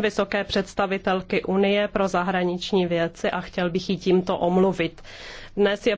vysoké představitelky Unie pro zahraniční věci a chtěl bych jí tímto omluvit. Dnes je